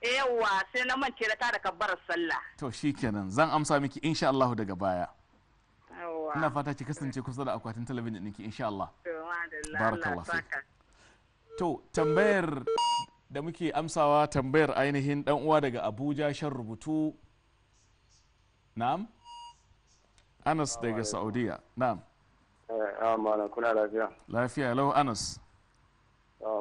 E: yawa sai na mance da ta da kabbar sallah
A: to shikenan zan amsa miki insha Allah daga baya ina fata ki kasance kusa da akwatin talabijin ɗinki insha Allah barakallah to tambayar da muke amsawa tambayar ainihin dan uwa daga Abuja shan rubutu na'am Anas daga Saudiya na'am
D: eh ah, amma kuna lafiya
A: lafiya lau Anas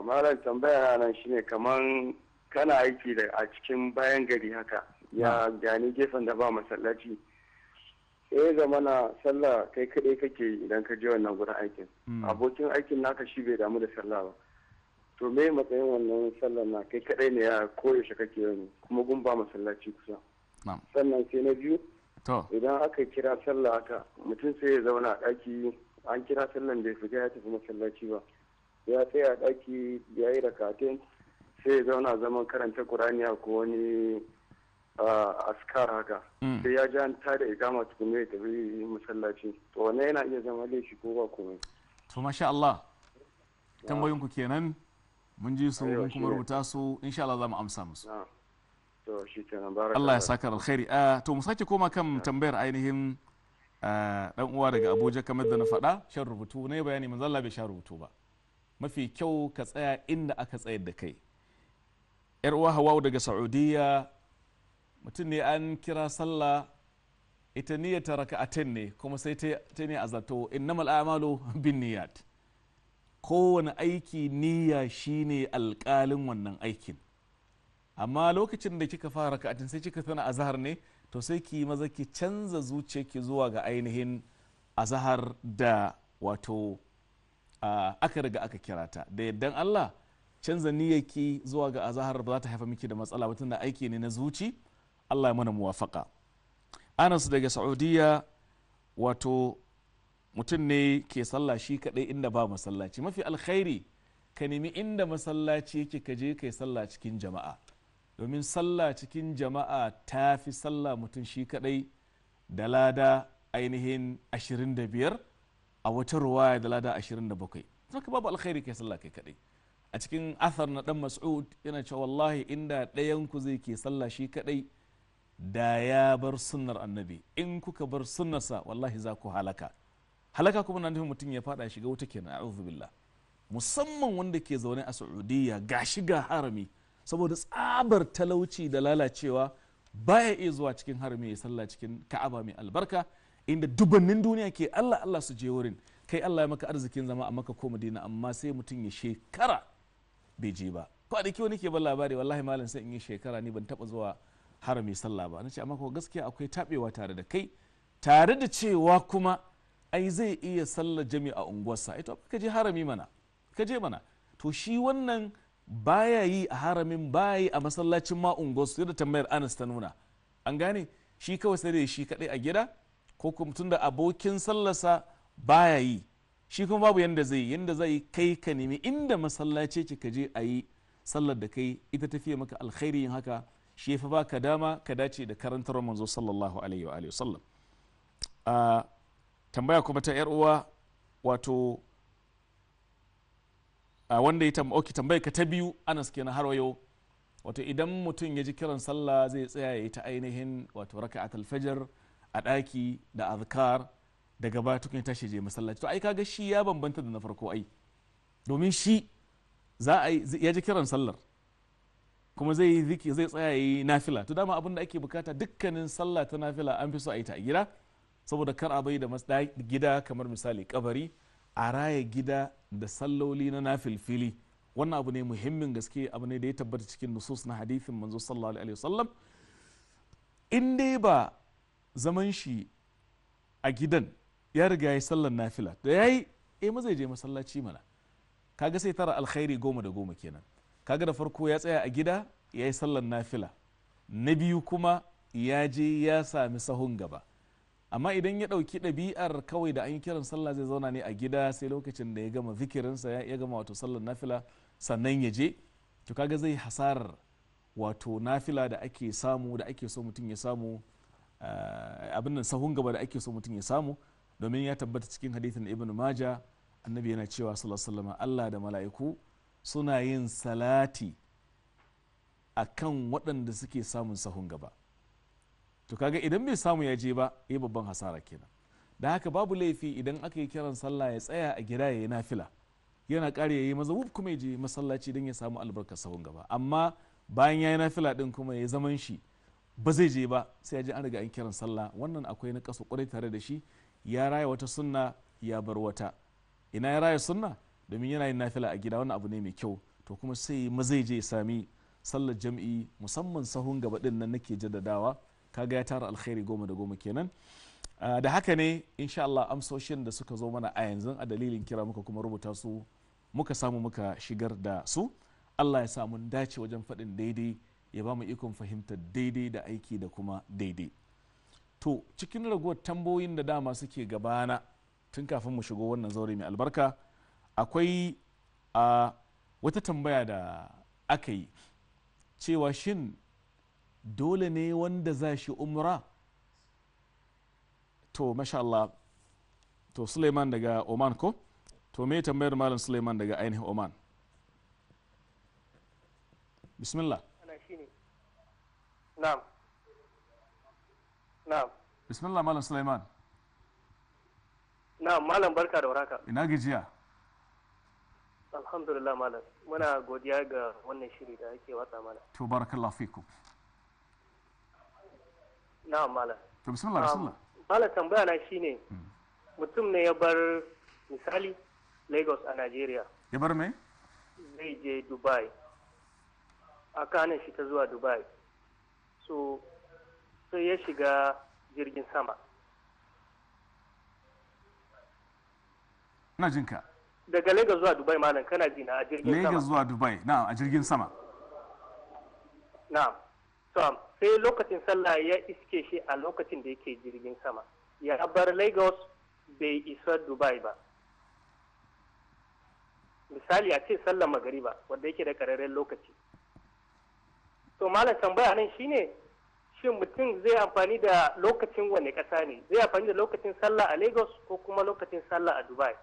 D: malam tambaya nan shine kaman kana aiki da a cikin bayan gari haka ya gani gefen da ba masallaci eh zamana sallah kai kaɗai kake idan ka je wannan gurin aikin
C: hmm. abokin
D: aikin naka shi bai damu da sallah ba to me matsayin wannan sallah na kai kaɗai ne ya koyaushe kake yi kuma gun ba masallaci kusa sannan sai na biyu idan aka kira sallah haka mutum sai ya zauna a ɗaki an kira sallan bai fita ya tafi masallaci ba ya tsaya ɗaki ya yi rakatun sai ya zauna zaman karanta kuraniya ko wani askar haka hmm. sai ya ja ta da igama tukunne ya tafi masallaci to wannan yana iya zama laifi ko ba komai
A: to masha Allah tambayinku kenan mun ji su mun kuma rubuta su insha Allah za mu amsa musu Allah ya saka alkhairi to mu sake koma kan tambayar ainihin dan uwa daga Abuja kamar da na faɗa shan rubutu ne bayani manzo Allah bai sha rubutu ba mafi kyau ka tsaya inda aka tsayar da kai yar uwa hawawu daga saudiya mutum ne an kira sallah ita niyyar niyyata raka'atain ne kuma sai ta ne a zato innamal a'malu bin Niyat. kowane aiki niyya shine alƙalin wannan aikin amma lokacin da kika fara raka'atin sai kika tana azhar ne to sai ki maza ki canza zuciyarki zuwa ga ainihin azahar da wato aka riga aka kira ta da yaddan Allah canza niyyaki zuwa ga azahar ba za ta haifa miki da matsala ba tunda aiki ne na zuci Allah ya mana muwafaka Anas daga Saudiya wato mutum ne ke sallah shi kadai inda ba masallaci mafi alkhairi ka nemi inda masallaci yake ka je kai sallah cikin jama'a domin sallah cikin jama'a ta fi sallah mutum shi kadai da lada ainihin 25 a wata ruwaya da lada 27 saka babu alkhairi kai sallah kai kadai a cikin athar na dan mas'ud yana cewa wallahi inda ɗayan ku zai ke sallah shi kadai da ya bar sunnar annabi in kuka bar sunnarsa wallahi za ku halaka halaka kuma na nufin mutum ya fada shiga wuta kenan a'udhu billah musamman wanda ke zaune a saudiya ga shiga harami saboda tsabar talauci da lalacewa baya iya zuwa cikin harami ya sallah cikin ka'aba mai albarka inda dubannin duniya ke allah allah su je wurin kai allah ya maka arzikin zama a maka ko madina amma sai mutum ya shekara bai je ba kwanaki wani ke ban labari wallahi malam sai in yi shekara ni ban taba zuwa harami sallah ba na ce amma ko gaskiya akwai tabewa tare da kai tare da cewa kuma ai zai iya sallar jami'a a unguwarsa to ka je harami mana ka je mana to shi wannan baya yi a haramin bayi a masallacin ma unguwarsu yadda tambayar anas ta nuna an gane shi kawai sai da shi kadai a gida ko kuma da abokin sallarsa baya yi shi kuma babu yanda zai yi yanda zai kai ka nemi inda masallaci ce ka je a yi sallar da kai ita tafiya maka alkhairi yin haka shi fa baka dama ka dace da karantar manzo sallallahu alaihi wa alihi wasallam a tambaya kuma ta yar uwa wato a wanda ya tambaya okay, tambaya ka ta biyu Anas kenan har yau wato idan mutum ya ji kiran sallah zai tsaya ya yi ta ainihin wato raka'at al a ɗaki da azkar daga baya tukun tashi je masallaci to ai kaga shi ya bambanta da na farko ai domin shi za a ya ji kiran sallar kuma zai yi ziki zai tsaya yi nafila to dama abin da ake bukata dukkanin sallah ta nafila an fi so a yi ta a gida saboda kar a bai da gida kamar misali kabari a raya gida da salloli na nafilfili wannan abu ne muhimmin gaske abu ne da ya tabbata cikin nusus na hadithin manzo sallallahu alaihi wasallam in dai ba zaman shi a gidan ya riga ya sallar nafila da ya yi eh maza je masallaci mana kaga sai tara alkhairi goma da goma kenan kaga da farko ya tsaya a gida ya yi sallar nafila na biyu kuma ya je ya sami sahun gaba amma idan ya ɗauki ɗabi'ar kawai da an yi kiran sallah zai zauna ne a gida sai lokacin da ya gama zikirinsa ya gama wato sallar nafila sannan ya je to kaga zai hasarar wato nafila da ake samu da ake so mutum ya samu Eh, abin nan sahun gaba da ake so mutum ya samu domin ya tabbata cikin hadithin ibn maja annabi yana cewa sallallahu Allah da mala'iku suna yin salati a kan waɗanda suke samun sahun gaba to kaga idan bai samu ya je ba ya babban hasara kenan da haka babu laifi idan aka yi kiran sallah ya tsaya a gida ya yi nafila yana ƙara ya yi maza wuf kuma ya je masallaci don ya samu albarkar sahun gaba amma bayan ya yi nafila ɗin kuma ya yi zaman shi ba zai je ba sai ya ji an riga an kiran sallah wannan akwai na kasu kwarai tare da shi ya raya wata sunna ya bar wata ina ya raya sunna domin yana yin nafila a gida wannan abu ne mai kyau to kuma sai ma zai je ya sami sallar jam'i musamman sahun gaba din nan nake jaddadawa kaga ya tara alkhairi goma da goma kenan ah, da haka ne insha Allah amsoshin da suka zo mana a yanzu a dalilin kira muka kuma rubuta su muka samu muka shigar da su Allah ya sa mun dace wajen faɗin daidai ya ba mu ikon fahimtar daidai da aiki da kuma daidai to cikin raguwar tambayoyin da dama suke gabana tun kafin mu shigo wannan zaure mai albarka akwai a wata tambaya da aka yi cewa shin dole ne wanda za shi umra to masha Allah to suleiman daga oman ko to me tambayar malam suleiman daga ainihin oman bismillah
B: na'am na'am
A: bismillah malam suleiman
B: na'am malam barka da ina gajiya alhamdulillah malam muna godiya ga wannan shiri da ake watsa mana
A: to barakallahu fikum malam to bismillah bismillah
B: malam tambaya na shine hmm. mutum ne ya bar misali lagos a Najeriya. ya bar me zai je dubai Aka kanin shi ta zuwa dubai so sai ya shiga jirgin sama na jinka daga lagos zuwa dubai malam kana jina a jirgin sama lagos
A: zuwa dubai na a jirgin sama
B: na'am so sai lokacin sallah ya iske shi a lokacin da yake jirgin sama ya bar lagos bai isa dubai ba misali a ce sallar magariba wanda yake da ƙararren lokaci to malam tambaya nan shine shin mutum zai amfani da lokacin wane kasa ne zai amfani da lokacin sallah a lagos ko kuma lokacin sallah a dubai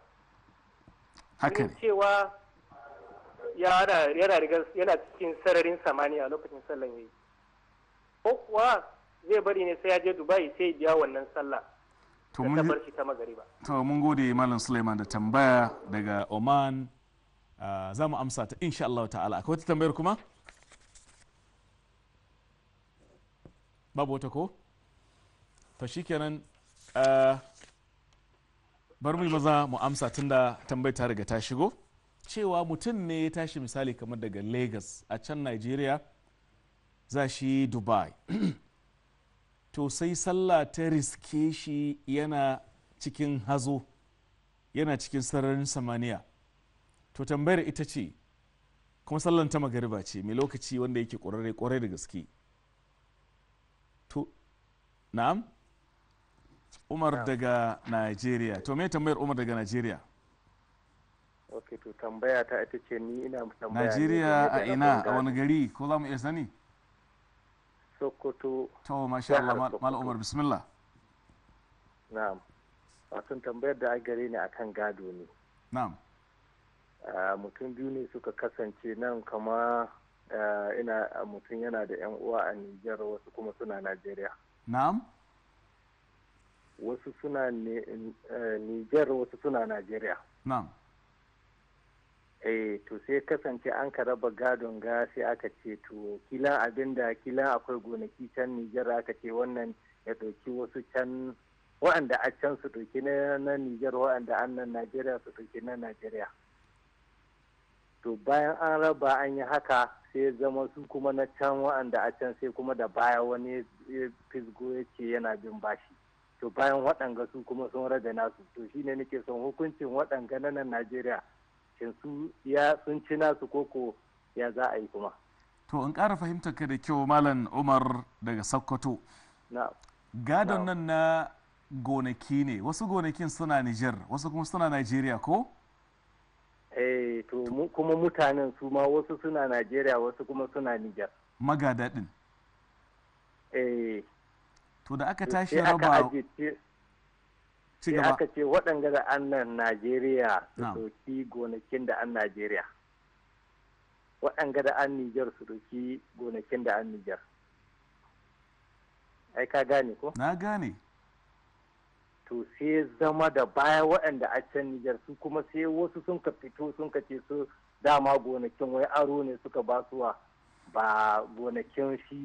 B: haka ne cewa yana riga yana cikin sararin samaniya a lokacin sallan yayi ko kuwa zai bari ne sai ya je dubai sai biya wannan sallah
A: to mun gode malam suleiman da tambaya daga oman ah, za mu amsa ta insha Allah ta'ala akwai wata tambayar kuma babu wata ko to shikenan eh, bar mu maza mu amsa tunda tambayar ta riga ta shigo cewa mutum ne ya tashi misali kamar daga lagos a can nigeria za shi dubai to sai sallah ta riske shi yana cikin hazo yana cikin sararin samaniya to tambayar ita ce kuma sallan ta magariba ce mai lokaci wanda yake ƙwararre kwarai da gaske to na'am umar daga nigeria to me tambayar umar daga nigeria
D: ok to tambaya ta ita ce ni ina tambaya nigeria a ina a wani gari
A: ko za mu iya sani
D: sokoto
A: to masha Allah mal umar bismillah
D: na'am wasan tambayar da a gare ni akan gado ne na'am ah, mutum biyu ne suka kasance nan kama Eh, ina mutum yana da 'yan uwa a Nijar wasu kuma suna Najeriya. Na'am? Wasu suna eh, Nijar wasu suna Najeriya. Na'am. Eh, to sai kasance an ka raba gadon ga sai aka ce to kila abinda kila akwai gonaki can Nijar aka ce wannan ya ɗauki wasu can waɗanda a can su ɗauki na Nijar waɗanda an nan Najeriya su ɗauki na Najeriya. to bayan an raba an yi haka sai zama su kuma na can wa'anda a can sai kuma da baya wani fisgo ya ce yana bin bashi to bayan waɗanga su kuma sun rage nasu to shine nake son hukuncin waɗanga na nan najeriya shin su ya sun ci nasu koko ya za a yi kuma
A: to in ƙara fahimtar ka da kyau malam umar daga sokoto gadon nan na gonaki ne wasu gonakin suna niger wasu kuma suna najeriya ko
D: eh to kuma mutanen su ma wasu suna najeriya wasu kuma suna niger.
A: Maga daɗin. eh to da aka tashi raba sai aka
D: ce waɗanda da nan najeriya su doki gonakin da an najeriya waɗanda da an niger su doki gonakin da an Niger. ai ka gane ko na gane to sai zama da baya waɗanda a can Nijar su kuma sai wasu sun ka fito sun ka ce su dama gonakin wai aro ne suka basuwa ba gonakin shi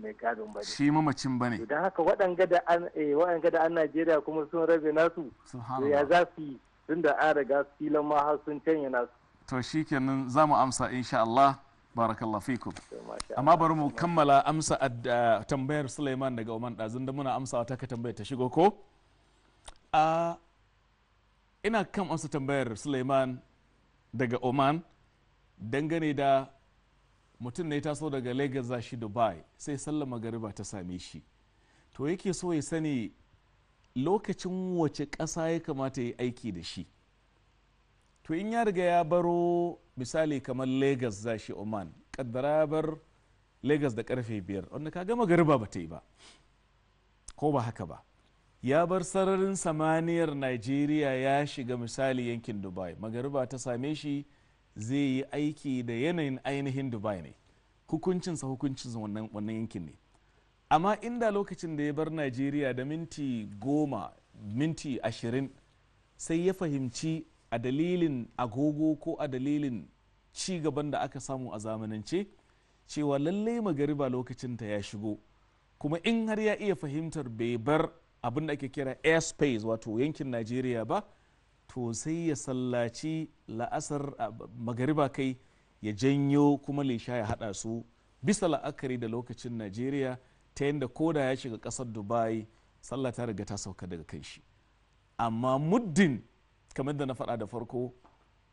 D: mai gadon ba shi
A: mamacin ba ne don
D: haka eh, waɗanga da an najeriya kuma sun rabe nasu to ya za su yi tun da an riga filan ma har sun canya nasu
A: to shi kenan za mu amsa insha Allah barakallahu fikum amma bari mu kammala amsa ah, tambayar Suleiman daga Oman ɗazun da muna amsawa ta ka tambayar ta shigo ko a ina kan amsa tambayar suleiman daga oman dangane da mutum ne taso daga lagos za shi dubai sai sallama gariba ta same shi to yake so ya sani lokacin wace ƙasa ya kamata ya aiki da shi to in ya riga ya baro misali kamar lagos za shi oman kaddara ya bar lagos da karfe biyar wanda ka gama gariba ba ta yi ba ko ba haka ba ya bar sararin samaniyar nigeria ya shiga misali yankin dubai magariba ta same shi zai yi aiki da yanayin ainihin dubai ne hukuncinsa hukuncin wannan yankin ne amma inda lokacin da ya bar nigeria da minti goma minti ashirin sai ya fahimci a dalilin agogo ko a dalilin ci gaban da aka samu a zamanance cewa lallai magariba lokacinta ya shigo kuma in har ya iya fahimtar bai bar abin da ake kira airspace wato yankin najeriya ba to sai ya sallaci la'asar magariba kai ya janyo kuma lisha ya hada su bisa la'akari da lokacin najeriya ta yadda koda ya shiga kasar dubai sallah ta riga ta sauka daga kan shi amma muddin kamar da na faɗa da farko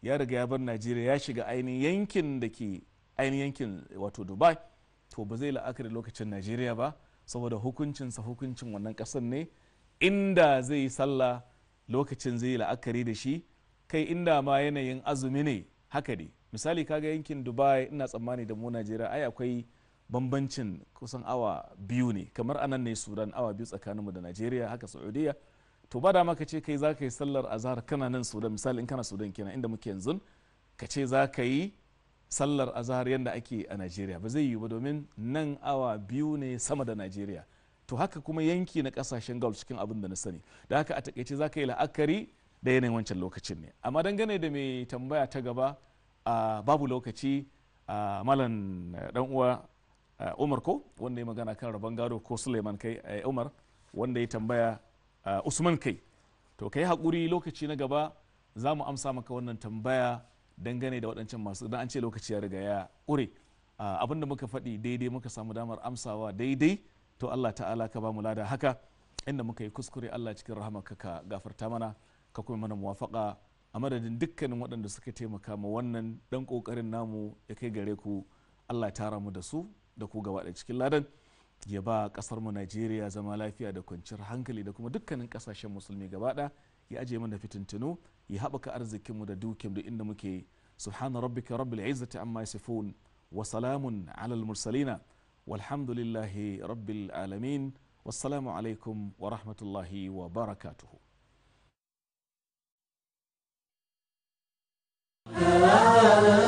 A: ya riga ya bar najeriya ya shiga ainihin yankin da ke ainihin yankin wato dubai to ba zai la'akari lokacin najeriya ba saboda hukuncinsa hukuncin wannan kasan ne inda zai yi sallah lokacin zai yi la'akari da shi kai inda ma yanayin azumi ne haka ne misali kaga yankin dubai ina tsammani da mu najeriya ai akwai bambancin kusan awa biyu ne kamar anan ne sudan awa biyu tsakaninmu da najeriya haka saudiya to ba dama ka ce kai za ka yi sallar azhar kana nan sudan misali in kana sudan kenan inda muke yanzu ka ce za ka yi sallar azahar yadda ake a najeriya ba zai yi ba domin nan awa biyu ne sama da najeriya to haka kuma yanki na kasashen gaul cikin abin da na sani da haka a takaice za ka yi la'akari da yanayin wancan lokacin ne amma dangane da mai tambaya ta gaba babu lokaci malam dan eh, uwa eh, umar ko wanda ya magana kan rabon gado ko suleiman kai eh, umar wanda ya tambaya usman kai to kai hakuri lokaci na gaba za mu amsa maka wannan tambaya dangane da waɗancan masu da an ce lokaci ya riga ya ƙure abinda muka faɗi daidai muka samu damar amsawa daidai to Allah ta'ala ka ba mu lada haka inda muka yi kuskure Allah cikin rahama ka gafarta mana ka kuma mana muwafaka a madadin dukkanin waɗanda suka taimaka ma wannan dan kokarin namu ya kai gare ku Allah ta ramu da su da ku gaba da cikin ladan ya ba ƙasarmu mu Najeriya zama lafiya da kwanciyar hankali da kuma dukkanin kasashen musulmi gaba ɗaya ya aje mana fitintinu ya haɓaka arzikinmu da dukin da inda muke subhana rabbika rabbil izzati amma yasifun wa salamun alal mursalina walhamdulillahi rabbil alamin wassalamu alaikum wa rahmatullahi wa barakatuhu la la la